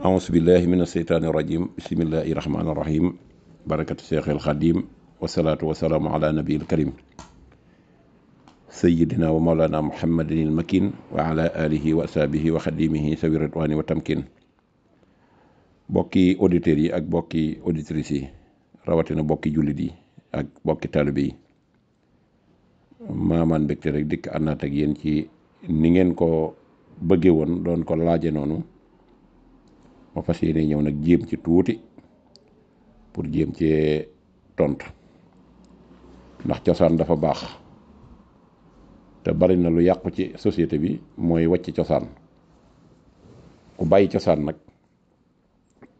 ahousubillahi min asheytaani irajim bisimillahi rahmaanirahim barakatu cheikh al xadim wasalaatu wasalaamu ala nabiil karim sayidina wa maolana muhammadin il makin wa ala alihi wa asaabihi wa xadimihi wa tamkin bokki auditeurs yi ak bokki auditrices yi rawatina bokki jullit yi ak bokki taalibe yi maamaan mbégte rek dikk ànnaat ak yéen ci ni ngeen ko bëgge woon doon ko laaje noonu ma fas ne ñëw nag jéem ci tuuti pour jéem ci tontu ndax cosaan dafa baax te bari na lu yàqu ci société bi mooy wàcc cosaan ku bàyyi cosaan nag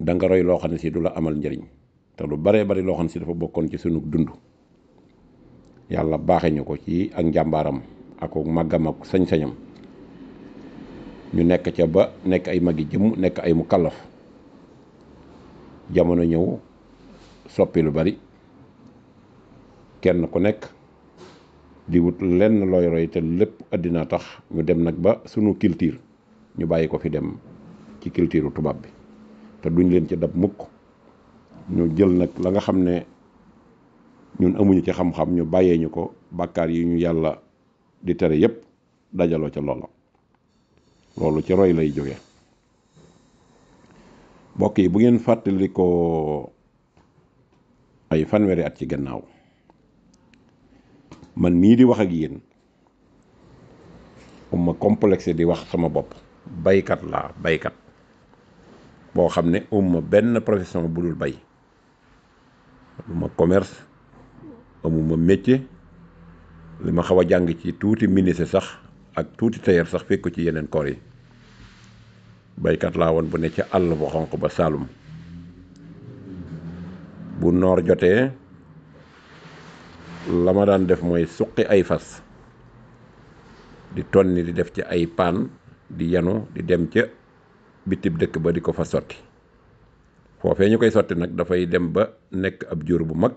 danga nga roy loo xam ne si du la amal njëriñ te lu baree bari loo xam ne si dafa bokkoon ci sunu dund yàlla baaxe ñu ko ci ak njàmbaaram akook màggam ak sañ-sañam ñu nekk ca ba nekk ay magi jëmm nekk ay mu kallaf jamono ñëw soppi lu bari kenn ku nekk di wut lenn looy roy te lépp àddina tax ñu dem nag ba sunu culture ñu bàyyi ko fi dem ci culture tubaab bi te duñ leen ci dab mukk ñu jël nag la nga xam ne ñun amuñu ci xam-xam ñu bàyyee ñu ko bàkkaar yi ñu yàlla di tere yépp dajaloo ca loola loolu ci roy lay jóge mbokk yi bu ngeen fàttali ko ay fanweeri at ci gannaaw man mii di wax ak yéen um ma complexé di wax sama bopp baykat laa baykat boo xam ne uma benn profession bu dul bay amuma commerce amuma métier li ma xaw a jàng ci tuuti ministre sax ak tuuti tailleur sax fekk ci yeneen koor yi baykat laa won bu ne ci àll bu xonq ba Saalum bu noor jotee la ma daan def mooy suqi ay fas di ton tonni di def ci ay paan di yanu di dem ca bitib dëkk ba di ko fa sotti foofee ñu koy sotti nag dafay dem ba nekk ab jur bu mag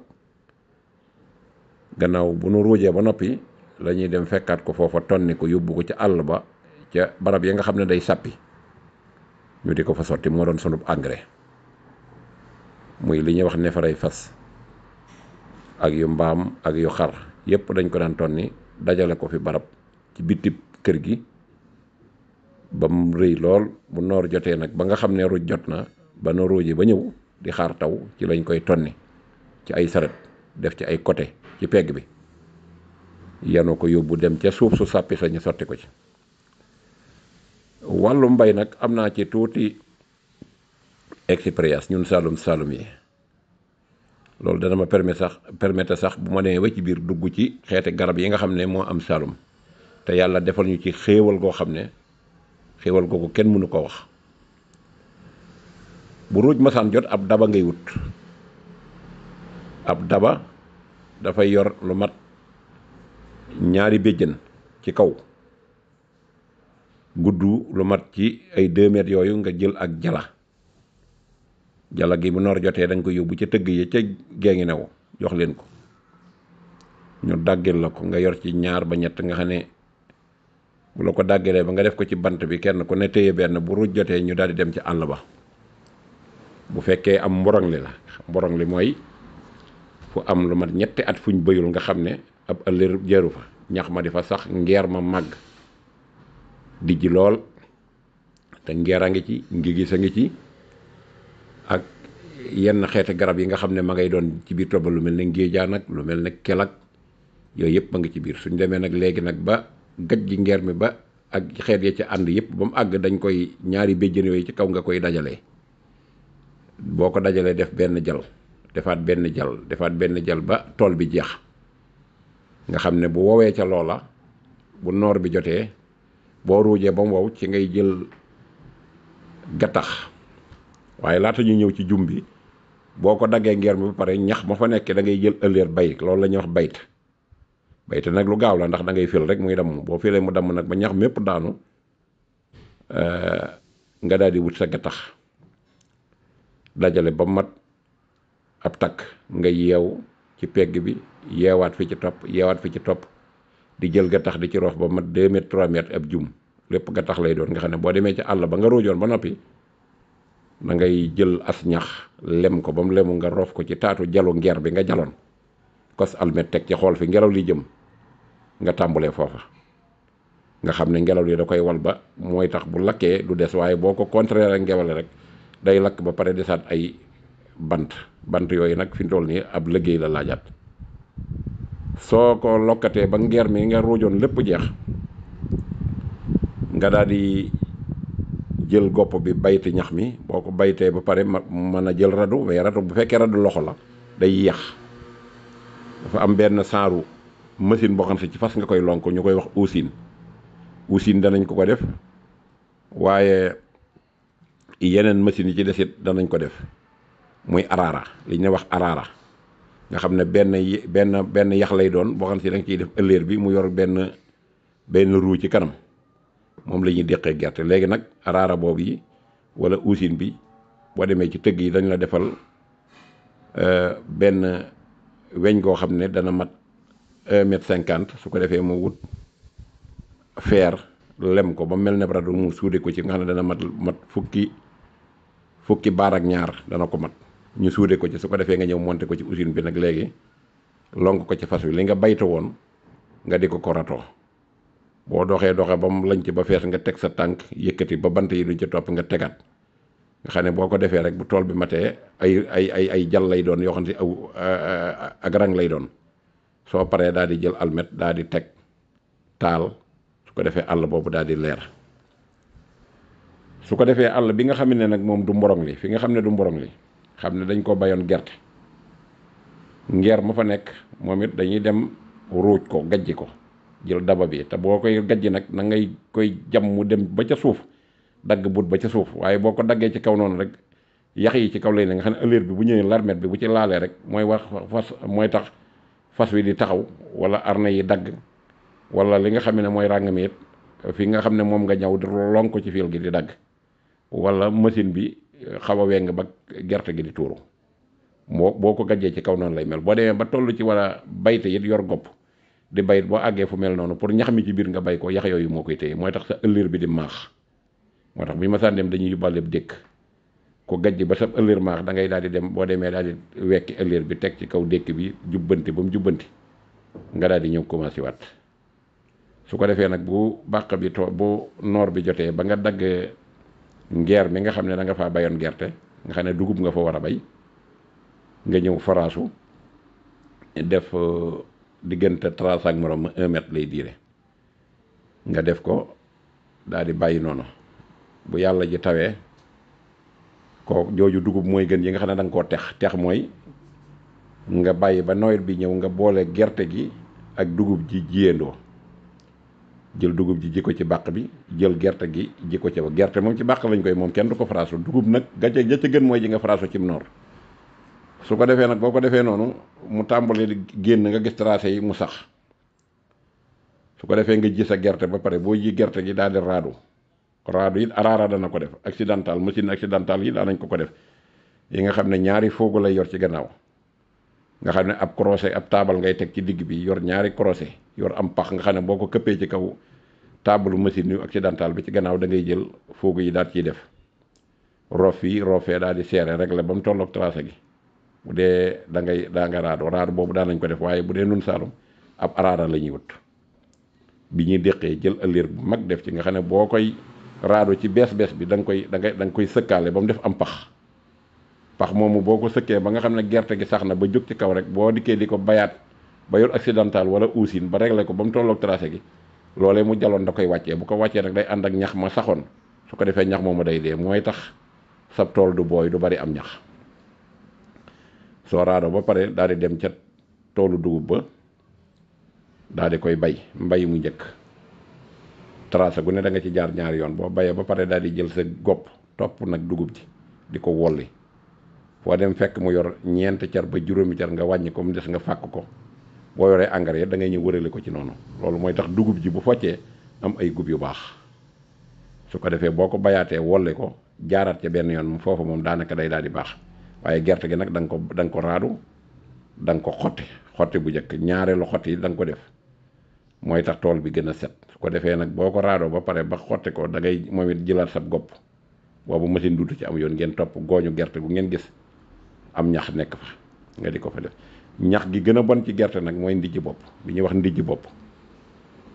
gannaaw bu nu ruujee ba noppi lañuy dem fekkaat ko foofa tonni ko yóbbu ko ca àll ba ca barab ya nga xam ne day sàppi ñu di ko fa sotti moo doon sunub engrais muy li ñuy wax neefarey fas ak yu mbaam ak yu xar yépp dañ ko daan tonni dajale ko fi barab ci bitib kër gi ba mu rëy lool bu noor jotee nag ba nga xam ne ruuj jot na ba na ji ba ñëw di xaar taw ci lañ koy tonni ci ay saret def ci ay côté ci pegg bi yanu ko yóbbu dem ca suuf su sàppi sañu sotti ko ci wàllu mbay nag am naa ci tuuti expérience ñun Saalum Saalum yi loolu dana ma permettre sax permettre sax bu ma demee ba ci biir dugg ci xeeti garab yi nga xam ne moo am Saalum te yàlla defal ñu ci xéewal goo xam ne xéewal googu kenn mënu ko wax bu ruuj masaan jot ab daba ngay wut ab daba dafay yor lu mat ñaari béjjën ci kaw gudd lu mat ci ay 2 yooyu nga jël ak jala jala gi bu noor jotee da nga ko yóbbu ca tëgg ya ca geegi new jox leen ko ñu dàggil la ko nga yor ci ñaar ba ñett nga xam ne bu la ko dàggalee ba nga def ko ci bant bi kenn ku ne téye benn bu ruj jotee ñu daldi dem ci àll ba bu fekkee am mborongle la li mooy fu am lu mat ñetti at fuñ bëyul nga xam ne ab ëllër jëru fa ñax ma di fa sax ngeer ma màgg dijj lool te ngeer a ngi ci ngigis a ngi ci ak yenn xeeti garab yi nga xam ne ma ngay doon ci biir toba lu mel ne ngéejaan ak lu mel ne kel yooyu yëpp a ngi ci biir suñ demee nag léegi nag ba gaj gi ngeer mi ba ak xeet ya ci ànd yëpp ba mu àgg dañ koy ñaari béjjën yooyu ci kaw nga koy dajale boo ko dajalee def benn jal defaat benn jal defaat benn jal ba tool bi jeex nga xam ne bu woowee ca loola bu noor bi jotee boo ruujee ba mu wow ci ngay jël gattax waaye laata ñu ñëw ci jum bi boo ko daggee ngeer mi ba pare ñax ma fa nekkee da ngay jël ëlleer bay loolu la ñuy wax bayt bayt nag lu gaaw la ndax da ngay fil rek muy damm boo filee mu damm nag ba ñax mépp daanu euh, nga daal di wut sa gattax dajale ba mat ab takk nga yeew ci pegg bi yeewaat fi ci topp yeewaat fi ci topp di jël ga tax di ci roof ba mat 2 mètres 3 mètres ab jum lépp ga tax lay doon nga xam ne boo demee ci àll ba nga ruujoon ba noppi da ngay jël as ñax lem ko ba mu lemu nga roof ko ci taatu jalu ngeer bi nga jaloon kos almet teg ci xool fi ngelaw li jëm nga tàmbulee foofa nga xam ne ngelaw li da koy wal ba mooy tax bu lakkee du des waaye boo ko contraire ak ngewale rek day lakk ba pare desaat ay bant bant yooyu nag fi mu toll nii ab liggéey la laajaat soo ko lokkatee ba ngeer mi nga ruujoon lépp jeex nga daal di jël gopp bi bayti ñax mi boo ko baytee ba pare ma mën a jël radu mais radu bu fekkee radu loxo la day yéex dafa am benn saaru machine boo xam si ci fas nga koy lonk ñu koy wax usine usine danañ ko ko def waaye yeneen machines yi ci desit danañ ko def muy araara li ne wax araara nga xam ne benn benn benn yax lay doon boo xam ne si da nga def ëlléer bi mu yor benn benn ruu ci kanam moom lañuy ñuy gerte léegi nag raara boobu yi wala usine bi boo demee ci tëgg yi dañ la defal euh, benn weñ goo xam ne dana mat un mètre cinquante su ko defee mu wut feer lem ko ba mel ne rado mu suude ko ci nga xam ne dana mat mat fukki fukki baarak ñaar dana ko mat ñu suude ko ci su ko defee nga ñëw monter ko ci usine bi nag léegi lonk ko ci fas wi li nga bayte woon nga di ko ko rato boo doxee doxe ba mu lañ ci ba fees nga teg sa tànk yëkkati ba bant yi duñ ci topp nga tegaat nga xam ne boo ko defee rek bu tool bi matee ay ay ay ay jal lay doon yoo xam ne aw ak rang lay doon soo paree daal di jël almet daal di teg taal su ko defee àll boobu daal di leer su ko defee àll bi nga xam ne nag moom du mborong li fi nga xam ne du mborong li xam ne dañ koo bayoon gerte ngeer ma fa nekk moom it dañuy dem ruuj ko gajji ko jël daba bi te boo koy gajji nag na ngay koy jam mu dem ba ca suuf dagg but ba ca suuf waaye boo ko daggee ci kaw noonu rek yax yi ci kaw lay ne nga xam ne ëllëg bi bu ñëwee larmet bi bu ci laalee rek mooy wax fas mooy tax fas wi di taxaw wala arna yi dagg wala li nga xam ne mooy ràng mi it fi nga xam ne moom nga ñaw lonk ko ci fiil gi di dagg wala machine bi xaw a weng ba gerte gi di tuuru moo boo ko gajjee ci kaw noonu lay mel boo demee ba toll ci war a bayte it yor gopp di bayit boo àggee fu mel noonu pour ñax mi ci biir nga bay ko yax yooyu moo koy téye mooy tax sa ëllër bi di maax moo tax bu ñu masaan dem dañuy yóbbaale dékk ko gajj ba sa ëllër maax da ngay daal di dem boo demee daal di wekki ëllër bi teg ci kaw dékk bi jubbanti ba jubbanti nga daal di ñëw commencé waat su ko defee nag bu bàq bi too bu noor bi jotee ba nga dagg ngeer mi nga xam ne da nga faa bayoon gerte nga xam ne dugub nga fa war a bay nga ñëw foraasu def euh, diggante trace ak morom un lay diire nga def ko daal di bàyyi noonu bu yàlla ji tawee kook jooju dugub mooy gën yi nga xam ne danga koo tex tex mooy nga bàyyi ba nawet bi ñëw nga boole gerte gi ak dugub ji jiyandoo jël dugub ji ji ko ci bàq bi jël gerte gi ji ko ca ba gerte moom ci bàq lañ koy moom kenn du ko faraasu dugub nag gàcce ja ca gën mooy ji nga faraasu cim noor su ko defee nag boo ko defee noonu mu tàmbali génn nga gis tracé yi mu sax su ko defee nga ji sa gerte ba pare boo ji gerte gi daal di raadu raadu it araara na ko def accidental machine accidental yi daanañ ko ko def yi nga xam ne ñaari foogu lay yor ci gannaaw nga xam ne ab crochet ab taabal ngay teg ci digg bi yor ñaari crochet yor am pax nga xam ne boo ko këppee ci kaw taabalu machine yu accidental bi ci gannaaw dangay jël foogu yi daal ciy def rof yi roofee daal di seere rek la ba mu tolloog trase gi bu dee da ngay daa nga raado raado boobu daan nañ ko def waaye bu dee nun saalum ab araada la ñuy wut bi ñuy déqee jël ëllëg bu mag def ci nga xam ne boo koy raado ci bees bees bi danga koy da nga da koy sëkkaale ba mu def am pax pax moomu boo ko sëkkee ba nga xam ne gerte gi sax na ba jóg ci kaw rek boo dikkee di ko bayaat ba yor accidental wala usine ba réglé ko ba mu tolloog tracé gi loolee mu jaloon da koy wàccee bu ko wàccee nag day ànd ak ñax ma saxoon su ko defee ñax moomu day dee mooy tax sab tool du booy du bari am ñax soo raado ba pare daal di dem ca toolu dugub ba daal di koy bay mbay mu njëkk tracé gu ne da nga ci jaar ñaari yoon boo bayee ba pare daal di jël sa gopp topp nag dugub ji di ko wolli foo dem fekk mu yor ñeent car ba juróomi car nga wàññi ko mu des nga fàkk ko boo yoree engrais da ngay ñëw wërale ko ci noonu loolu mooy tax dugub ji bu foccee am ay gub yu baax su ko defee boo ko bayaatee wolle ko jaaraat ca benn yoon foofu moom daanaka day daal di baax waaye gerte gi nag da nga ko da nga ko raadu da ko xotti xotti bu njëkk ñaareelu xotti yi da nga ko def mooy tax tool bi gën a set su ko defee nag boo ko raadoo ba pare ba xotti ko da ngay moom it jëlaat sa gopp boobu machine duutu ci am yoon ngeen topp gooñu gerte gu ngeen gis am ñax nekk fa nga di ko fa def ñax gi gën a bon ci gerte nag mooy ndijji bopp bi ñuy wax ndijji bopp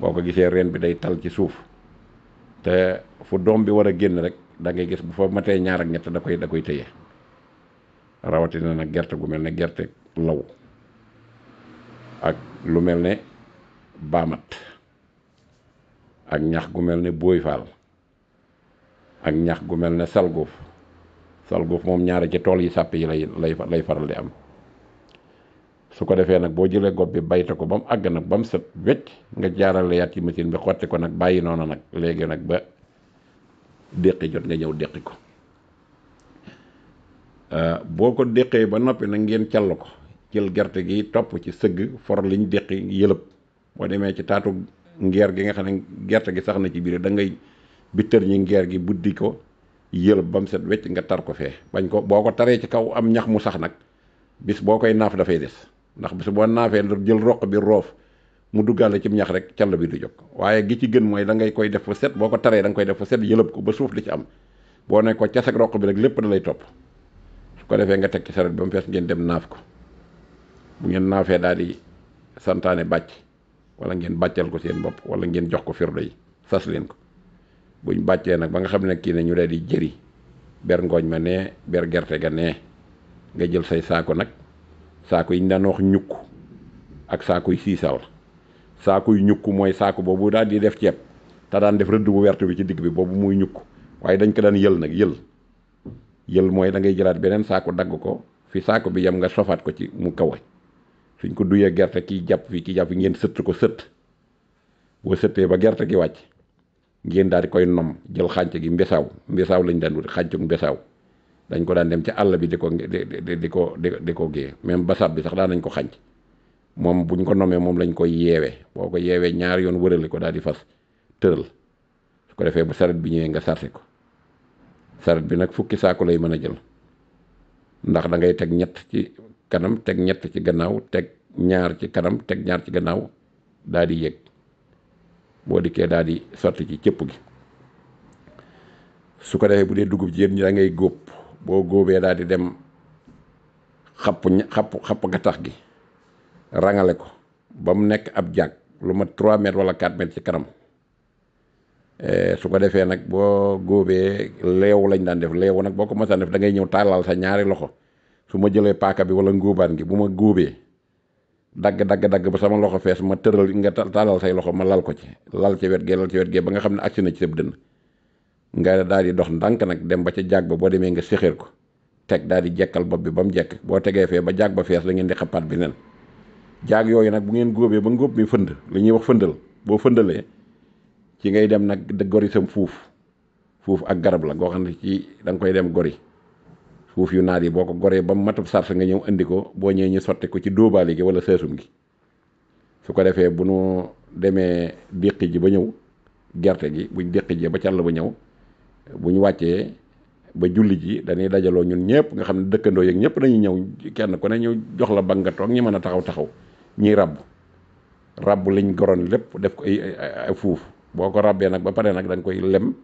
boo ko gisee reen bi day tal ci suuf te fu doom bi war a génn rek da ngay gis bu fa matee ñaar ak ñett da koy da koy tëye rawatina nag gerte gu mel ne gerte law ak lu mel ne baamat ak ñax gu mel ne booy faal ak ñax gu mel ne salgoof salguuf moom ñaare ci tool yi sàpp yi lay lay lay faral di am su ko defee nag boo jëlee gob bi bayte ko ba mu àgg nag ba mu set wecc nga jaarale yaat ci machine bi xotti ko nag bàyyi noonu nag léegi nag ba déqi jot nga ñëw déqi ko euh, boo ko déqee ba noppi nag ngeen call ko jël gerte gi topp ci sëgg for liñ déqi yëlëb boo demee ci taatu ngeer gi nga xam ne gerte gi sax na ci biir da ngay bittër ñi ngeer gi buddi ko yëlëb ba mu set wecc nga tar ko fee bañ ko boo ko taree ci kaw am ñax mu sax nag bis boo koy naaf dafay des ndax bis boo naafee jël roq bi roof mu duggaale ci ñax rek call bi du jóg waaye gi ci gën mooy da ngay koy def fu set boo ko taree da koy def fu set yëlëb ko ba suuf di ci am boo ne ko caseg roq bi rek lépp dalay topp su ko defee nga teg ki saret ba mu fees ngeen dem naaf ko bu ngeen naafee daal di santaane bàcc wala ngeen bàccal ko seen bopp wala ngeen jox ko firdo yi sas leen ko buñ bàccee nag ba nga xam ne kii ne ñu daal di jëri ber ngooñ ma nee ber gerte ga nee nga jël say saako nag saako yi ñu daan wax ñukk ak saako yi siisal saako yu ñukk mooy saako boobu daal di def ceeb te daan def rëdd bu werte bi ci digg bi boobu muy ñukk waaye dañ ko daan yël nag yël yël mooy da ngay jëlaat beneen saako dagg ko fi saako bi yam nga sofaat ko ci mu kawe suñ ko duyee gerte kii jàpp fi kii jàpp fi ngeen sëtt ko sëtt boo sëttee ba gerte gi wàcc ngeen daal di koy nom jël xànc gi mbesaaw mbesaaw lañ daan wut xàncug mbesaaw dañ ko daan dem ci àll bi di ko di di ko di ko gée même basaab bi sax daan nañ ko xànc moom buñ ko nomee moom lañ koy yeewe boo ko yeewee ñaari yoon wërale ko daal di fas tëral su ko defee bu saret bi ñëwee nga sarse ko saret bi nag fukki saako lay mën a jël ndax da ngay teg ñett ci kanam teg ñett ci gannaaw teg ñaar ci kanam teg ñaar ci gannaaw daal di yéeg boo dikkee daal di sotti ci cëpp gi su ko defee bu dee dugub ji yéen ñi da ngay góob boo góobee daal di dem xapp xapp xapp gattax gi rangale ko ba mu nekk ab jàgg lu mat 3 mètres wala 4 mètres ci kanam eh, su ko defee nag boo góobee leew lañ daan def leew nag boo ko mosaan def da ngay ñëw tàllal sa ñaari loxo su ma jëlee paaka bi wala ngóobaan gi bu ma góobee dagg dagg dagg ba sama loxo fees ma tëral nga taalal say loxo ma lal ko ci lal ci wet gee lal ci wet gee ba nga xam ne agsi na ci sab dënn nga daal di dox ndànk nag dem ba ca jàgg ba boo demee nga séxéer ko teg daal di jekkal bopp bi ba mu jekk boo tegee fee ba jàgg ba fees da ngeen di xapaat bi nen jaag yooyu nag bu ngeen góobee ba ngóob mi fënd li ñuy wax fëndal boo fëndalee ci ngay dem nag gori sam fuuf fuuf ak garab la goo xam ne ci da nga koy dem gori suuf yu naat yi boo ko goree ba matub sars nga ñëw indi ko boo ñëwee ñu sotti ko ci dóobaale gi wala seesum gi su ko defee bu nu demee déqi ji ba ñëw gerte gi buñ déqi ji ba càll ba ñëw bu ñu wàccee ba julli ji dañuy dajaloo ñun ñëpp nga xam ne dëkkandoo yeeg ñëpp dañuy ñëw kenn ku ne ñu jox la bang nga toog ñi mën a taxaw taxaw ñiy ràbb ràbb liñ goroon lépp def ko ay ay fuuf boo ko ràbbee nag ba pare nag da koy lem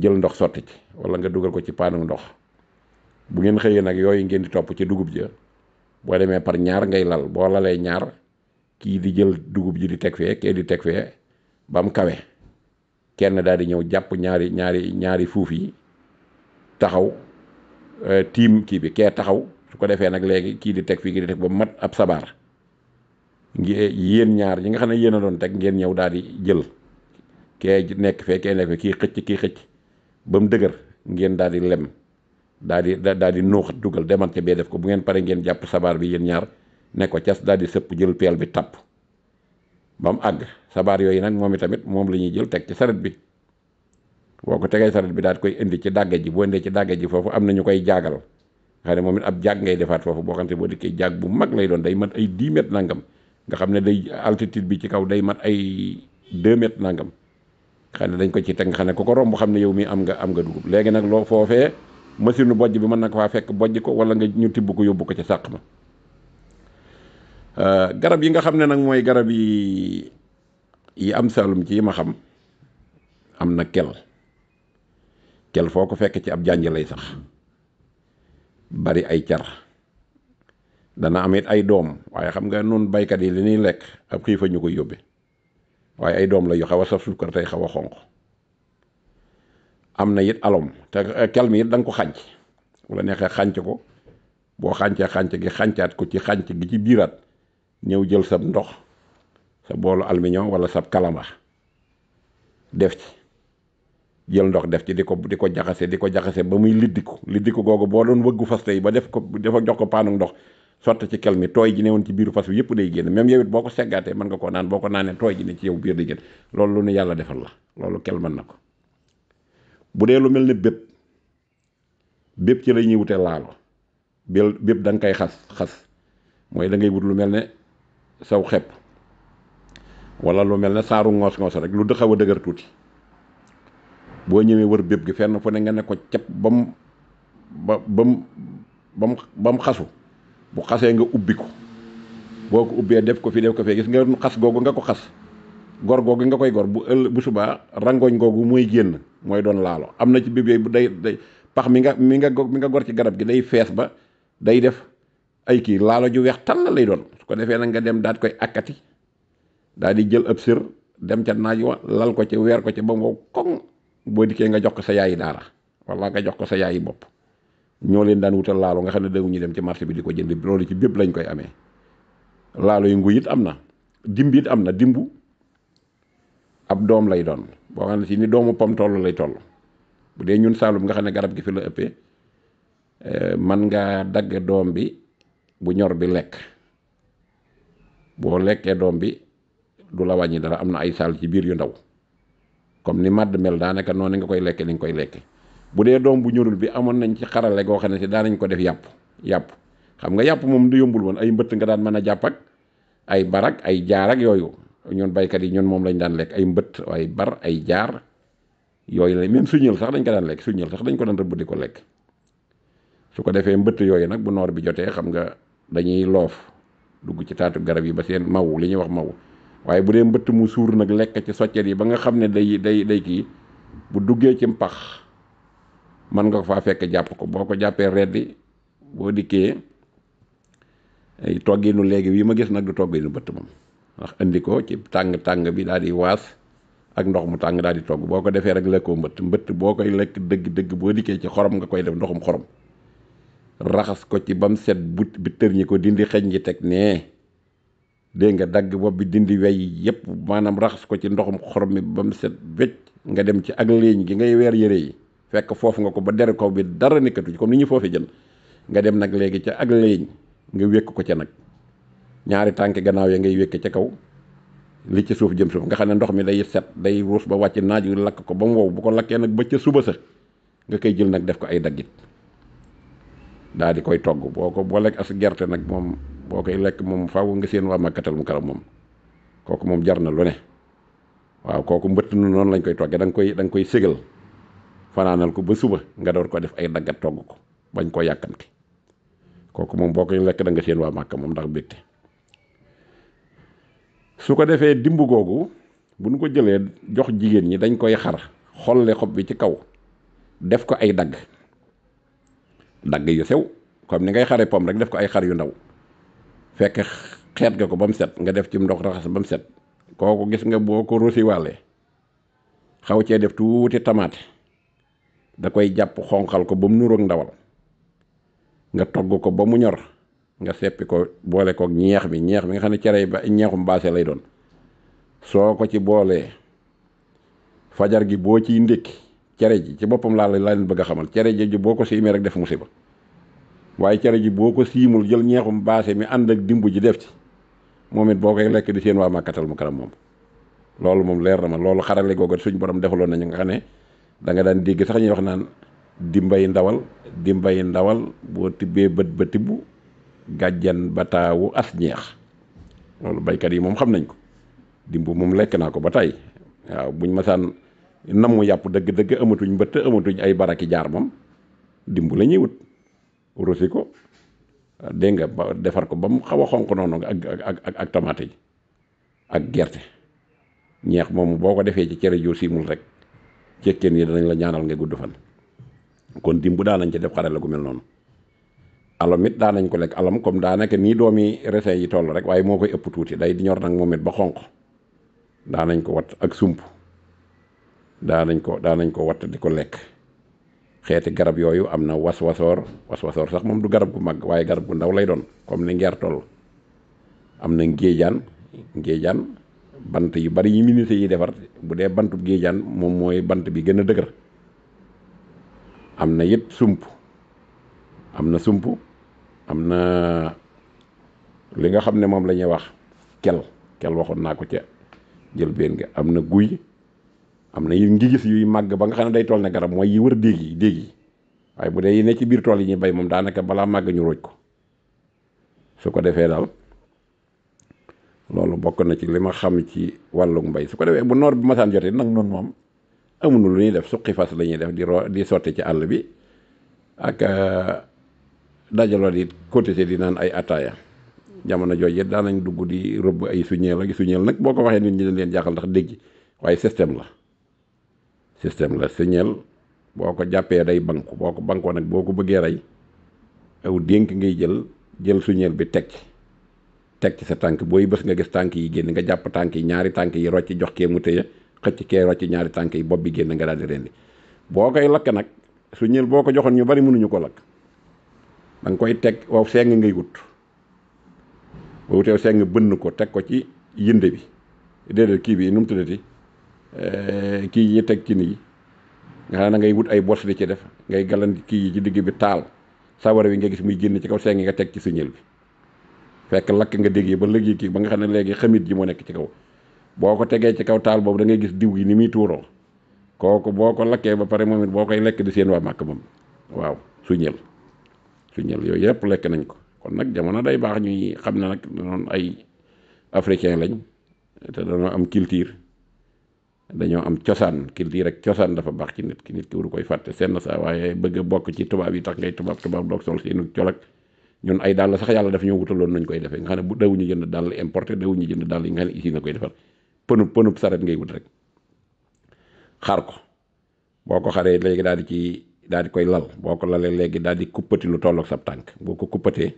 jël ndox sotti ci wala nga dugal ko ci paanu ndox bu ngeen xëyee nag yooyu ngeen di topp ci dugub ji boo demee par ñaar ngay lal boo lalee ñaar kii di jël dugub ji di teg fee kee di teg fee ba mu kawe kenn daal di ñëw jàpp ñaari ñaari ñaari fuuf yi taxaw euh, tiim kii bi kee taxaw su ko defee nag léegi kii di teg fii kii di teg ba mat ab sabaar ngi yéen ñaar yi nga xam ne yéen a doon teg ngeen ñëw daal di jël kee nekk fee kee nekk fee kii xëcc kii xëcc ba mu dëgër ngeen daal di lem daal di daal di nuuxat dugal demante bee def ko bu ngeen pare ngeen jàpp sabaar bi yéen ñaar ne ko cas daal di sëpp jël peel bi tapp ba mu àgg sabaar yooyu nag moom tamit moom la ñuy jël teg ci saret bi boo ko tegee saret bi daal koy indi ci dàgga ji boo indee ci dàgga ji foofu am na ñu koy jaagal nga xam ne moom it ab jaag ngay defaat foofu boo xam ne boo dikkee jaag bu mag lay doon day mat ay 10 mètres nangam nga xam ne day altitude bi ci kaw day mat ay 2 mètres nangam xam ne dañ ko ci teg nga xam ne ku ko romb xam ne yow mi am nga am nga dugub léegi nag loo foofee machine bojj bi mën na ko faa fekk bojj ko wala nga ñu tibb ko yóbbu ko ci sàq ma euh, garab yi nga xam ne nag mooy garab yi yi am saalum ci yi ma xam am na kel kel foo ko fekk ci ab jànj lay sax bari ay car dana am ay doom waaye xam nga noonu baykat yi li ñuy lekk ab xiifa ñu koy yóbbe waaye ay doom la yu xaw a saf suukar tey xaw a xonq am na it aloom te eh, kelmi it da nga ko xànc bu la neexee xànc ko boo xàncee xànc gi xàncaat ko ci xànc gi ci biiraat ñëw jël sab ndox sa boolu aluminium wala sab kalamba def ci jël ndox def ci di ko di ko jaxase di ko jaxase ba muy liddiku liddiku googu boo doon wëggu fas tey ba def ko dafa jox ko paanu ndox sotti ci kel mi tooy ji ne woon ci biiru fas bi yëpp day génn même yow boo ko seggaatee mën nga koo naan boo ko naanee tooy ji ne loolu lu yàlla defal la kel mën na ko bu dee lu mel ni bépp bépp ci la ñuy wute laalo bépp da nga koy xas xas mooy da ngay wut lu mel ne saw xepp wala lu mel ne saaru ngoos-ngoos rek lu dëxaw a dëgër tuuti boo ñëwee wër bépp gi fenn fu ne nga ne ko ba mu ba bam ba mu xasu bu xasee nga ubbi ko boo ko ubbee def ko fi def ko fee gis nga xas googu nga ko xas gor googu nga koy gor bu ëll bu subaa rangooñ googu mooy génn mooy doon laalo am na ci biir yooyu day day pax mi nga mi nga mi nga gor ci garab gi day fees ba day def ay kii laalo ju weex tàll lay doon su ko defee nag nga dem daal di koy akkati daal di jël ab sër dem ca naaj wa lal ko ca weer ko ca ba mu koŋ boo dikkee nga jox ko sa yaayi daara wala nga jox ko sa yaayi bopp ñoo leen daan wutal laalo nga xam ne dawuñu dem ci marché bi di ko jënd loolu ci bépp lañ koy amee laalo yu ngu it am na dimb it am na dimbu. ab doom lay doon boo xam ne si ni doomu pom toll lay toll bu dee ñun saalum nga xam ne garab gi fi la ëppee eh, man nga dagg doom bi bu ñor bi lekk boo lekkee doom bi du la wàññi dara am na ay saal ci biir yu ndaw comme ni màdd mel daanaka noonu nga koy lekke ni nga koy lekke bu dee doom bu ñorul bi amoon nañ ci xarale goo xam ne si daanañ ko def yàpp yàpp xam nga yàpp moom du yombul woon ay mbëtt nga daan mën a jàpp ay barak ay jaar yooyu ñun baykat yi ñun moom lañ daan lekk ay mbëtt waaye bar ay jaar yooyu la même suñul sax dañ ko daan lekk suñul sax dañ ko daan rëbb di ko lekk su ko defee mbëtt yooyu nag bu noor bi jotee xam nga dañuy loof dugg ci taatu garab yi ba seen maw li ñuy wax maw waaye bu dee mbëtt mu suur nag lekk ci soccet yi ba nga xam ne day day day kii bu duggee ci mpax mën nga ko faa fekk jàpp ko boo ko jàppee reddi boo dikkee ay togginu léegi wi ma gis nag du togginu bëtt moom ndax indi ko ci tàng tàng bi daal di waas ak ndox mu tàng daal di togg boo ko defee rek lekkoo mbëtt mbëtt boo koy lekk dëgg dëgg boo dikkee ci xorom nga koy def ndoxum xorom raxas ko ci bam set bu bi ñi ko dindi xeñ ji teg nee dégg nga dagg bopp bi dindi wey yépp maanaam raxas ko ci ndoxum xorom mi bam set wecc nga dem ci ak léeñ gi ngay weer yére yi fekk foofu nga ko ba dere kaw bi dara nekkatu ci comme ni ñu foofee jën nga dem nag léegi ca ak léeñ nga wékk ko ca nag ñaari tànk gannaaw ya ngay wékke ca kaw li ci suuf jëm suuf nga xam ne ndox mi day set day ruus ba wàcc naaj wi lakk ko ba mu wow bu ko lakkee nag ba ca suba sa nga koy jël nag def ko ay daggit daa di koy togg boo ko boo lekk gerte nag moom boo koy lekk moom faaw nga seen waa makkatal mu karam moom kooku moom jar na lu waaw kooku mbëtt nu noonu lañ koy toggee da koy da koy ségal fanaanal ko ba suba nga door ko def ay daggat togg ko bañ koo yàkkamti kooku moom boo koy lekk da seen waa màkk moom ndax bégte su ko defee dimb googu bu nu ko jëlee jox jigéen ñi dañ koy xar xolle xob bi ci kaw def ko ay dagg dagg yu sew comme ni ngay xare pom rek def ko ay xar yu ndaw fekk xeet ga ko ba mu set nga def ci ndox raxas ba mu set kooku gis nga boo ko rosiwaale xaw cee def tuuti tamaate da koy jàpp xonqal ko ba mu nuroog ndawal nga togg ko ba mu ñor nga seppi ko boole kook ñeex bi ñeex bi nga xam ne cere ba ñeexum baase lay doon soo ko ci boolee fajar gi boo ciy ndékki cere ji ci boppam laa la leen bëgg xamal cere ji boo ko siimee rek def musiba waaye cere ji boo ko siimul jël ñeexum baase mi ànd ak dimbu ji def ci moom it boo koy lekk di seen waa màkkatal mu karam moom loolu moom leer na ma loolu xarale googu suñ borom defaloon nañu nga xam ne da nga daan dégg sax ñuy wax naan dimbay ndawal dimbay ndawal boo tibbee bët ba tibb ba taawu as ñeex loolu baykat yi moom xam nañ ko dimbu moom lekk naa ko ba tey waaw buñ masaan namm yàpp dëgg-dëgg amatuñ mbëtt amatuñ ay baraki jaar moom dimbu la ñuy wut rusi ko dégg nga ba defar ko ba mu xaw a xonq noonu ak ak ak ak tamaate yi ak gerte ñeex moomu boo ko defee ci cere joo siimul rek cekkeen yi danañ la ñaanal nga gudd fan kon dimbu daa nañ ci def xare la gu mel noonu alam it nañ ko lekk alam comme daanaka nii doomi raisin yi toll rek waaye moo koy ëpp tuuti day ñor nag moom it ba xonq nañ ko wat ak sump daa nañ ko nañ ko watt di ko lekk xeeti garab yooyu am na was-wasoor was-wasoor sax moom du garab gu mag waaye garab gu ndaw lay doon comme ni ngeer toll am na ngéejaan ngéejaan bant yu bari yi ministres yi defar bu dee bantu géejaan moom mooy bant bi gën a dëgër am na yit sump am na sump am na li nga xam ne moom la ñuy wax kel kel waxoon naa ko ca njëlbéen nga am na guy am na yu ngi gis yuy màgg ba nga xam ne day tool ne garab mooy yi wër déeg yi déeg yi waaye bu dee yi ne ci biir tool yi ñuy bay moom daanaka balaa màgg ñu rooj ko su ko defee daal loolu bokk na ci li ma xam ci wàllug mbay su ko defee bu noor bi masaan jotee nag noon moom amuñu lu ñuy def suqi fas lañuy def di ro di sotti ci àll bi ak euh, dajaloon it cotisé di naan ay ataaya jamono jooju it daanañ dugg di rëbb ay suñeel ak suñeel nag boo ko waxee nit ñi dañ leen jaaxal ndax dégg waaye système la système la suñeel boo ko jàppee day banku boo ko bankoo nag boo ko bëggee rey aw dénk ngay jël jël suñeel bi teg ci teg ci sa tànk booy bés nga gis tànk yi génn nga jàpp tànk yi ñaari tànk yi rocc jox kee mu téye xëcc kee rocc ñaari tànk yi bopp bi génn nga daal di rendi boo koy lakk nag suñel boo ko joxoon ñu bari mënuñu ko lakk danga koy teg waaw seng ngay wut boo wutee seng bënn ko teg ko ci yënde bi déedéet kii bi nu mu tuddati eh, kii yi teg ci nii nga xam ne ngay wut ay bos di ci def ngay galan kii yi ci digg bi taal sawara bi nga gis muy génn ci kaw seng nga teg ci signal bi fekk lakk nga dégg ba léegi kii ba nga xam ne léegi xamit ji moo nekk ci kaw boo ko tegee ci kaw taal boobu da ngay gis diw yi ni muy tuuroo kooku boo ko lakkee ba pare moom it boo koy lekk seen waa màkk moom waaw su cuñal yooyu yëpp lekk nañ ko kon nag jamono day baax ñuy xam ne nag noonu ay africain lañ te dañoo am culture dañoo am cosaan culture rek cosaan dafa baax ci nit ki nit ki waru koy fàtte seen saa waaye bëgg a bokk ci tubaab yi tax ngay tubaab tubaab doog sol seenu colak ñun ay dàll sax yàlla daf ñoo wutaloon nañ koy defee nga xam ne bu dawuñu jënd dàll importé dawuñu jënd dàll yi nga xam ne usine na koy defar pënub pënub saret ngay wut rek xaar ko boo ko xaree léegi daal di daal di koy lal boo ko lalee léegi daal di kuppati lu tolloog sab tànk boo ko kuppatee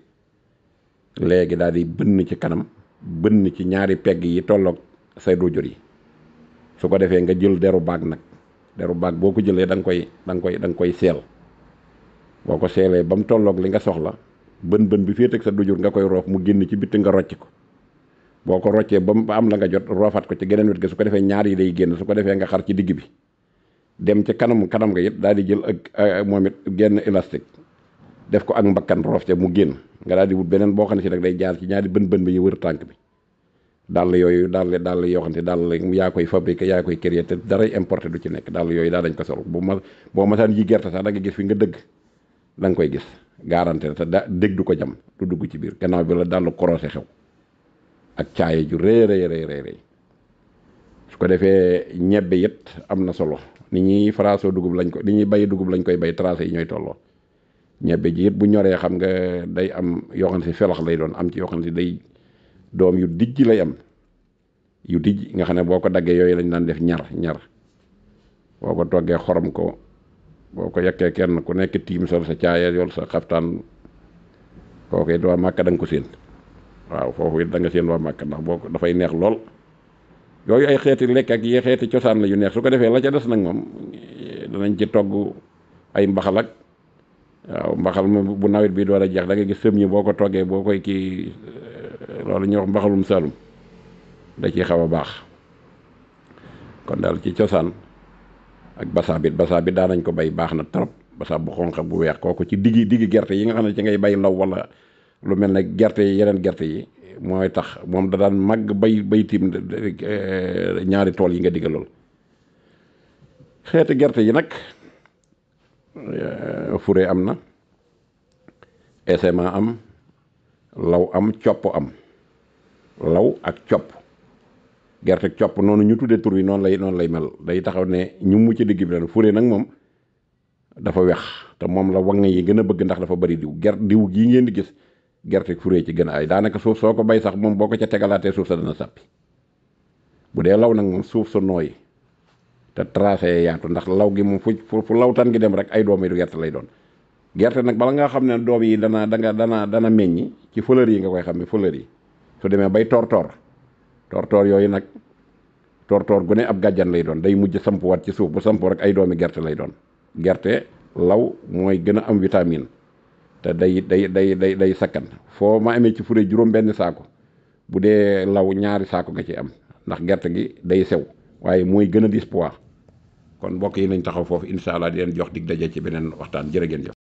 léegi daal di bënn ci kanam bënn ci ñaari pegg yi tollook say doojur yi su ko defee nga jël deru baag nag deru baag boo ko jëlee da nga koy da nga koy da koy seel boo ko seelee ba mu tolloog li nga soxla bën bën bi féete ak sa doojur nga koy roof mu génn ci bitti nga rocc ko boo ko roccee ba mu am la nga jot roofaat ko ci geneen wet gi su ko defee ñaar yi day génn su ko defee nga xar ci digg bi dem ca kanamu kanam nga it daal di jël ak moom it genn élastique def ko ak mbakkan roof ca mu génn nga daal di wut beneen boo xam ne si nag day jaar ci ñaari bën bën bi yu wër tànk bi dàll yooyu dàll dàll yoo xam ne dàll yaa koy fabriqué yaa koy créé te daray importé du ci nekk dàll yooyu daa dañ ko sol bu ma boo masaan yi gerte sax da nga gis fi nga dëgg da nga koy gis garanté te da dégg du ko jam du dugg ci biir gannaaw bi la dàll korosé xew ak caaye ju rëy rëy rëy rëy su ko defee ñebbe it am na solo nit ñi farasoo dugub lañ ko ni ñuy bay dugub lañ koy bay tracé yi ñooy tolloo ñebe ji yëpp bu ñoree xam nga day am yoo xam si felax lay doon am ci yoo xam si day doom yu dijj lay am yu dijj nga xam ne boo ko daggee yooyu lañ daan def ñar ñar boo ko toggee xorom ko boo ko yekkee kenn ku nekk tiim sol sa caaya yoon sa xaftaan kooku it waa màkka da ko séen waaw foofu it da nga séen waa màkk ndax boo ko dafay neex lool yooyu ay xeeti lekk ak yi xeeti cosaan la yu neex su ko defee la ca des nag moom danañ ci togg ay mbaxal waaw mbaxal moom bu nawet bi door a jeex da nga gis sëm ñi boo ko toggee boo koy kii euh, loolu ñuy wax mbaxalum salum da ciy xaw a baax kon daal ci cosaan ak basaab it basaab it daan nañ ko bay baax na trop basaab bu xonq bu weex kooku ci diggi diggi gerte yi nga xam ne ci ngay bay law wala lu mel ne gerte yi yeneen gerte yi mooy tax moom da daan màgg bay bay tiim eh, ñaari tool yi nga digg lool xeeti gerte yi nag eh, fure am na SMA am law am copp am law ak copp gerte copp noonu ñu tuddee tur wi noonu lay noonu lay mel day taxaw ne ñu mucc di digg bi ren fure nag moom dafa wex te moom la waŋ yi gën a bëgg ndax dafa bari diw gerte diw gii ngeen di gis gerte fure ci gën a ay daanaka suuf soo ko bay sax moom boo ko ca tegalaatee suuf sa dana sàppi bu dee law nag moom suuf sa nooy te tracé yaatu ndax law gi moom fu fu lawtan gi dem rek ay doom gerte lay doon gerte nag bala nga xam ne doom yi dana danga dana meññi ci fleur yi nga koy xam ne fleur yi demee bay tortoor tortoor yooyu nag tortoor gu ne ab gàjjan lay doon day mujj sampuwaat ci suuf bu sampoo rek ay doomi gerte lay doon gerte law mooy gën a am vitamine te day day day day day sakkan foo ma amee ci fure juróom benn saako bu dee law ñaari saako nga ci am ndax gerte gi day sew waaye mooy gën a dis kon mbokk yi nañ taxaw foofu incha allah di leen jox dig daje ci beneen waxtaan jërë ngeen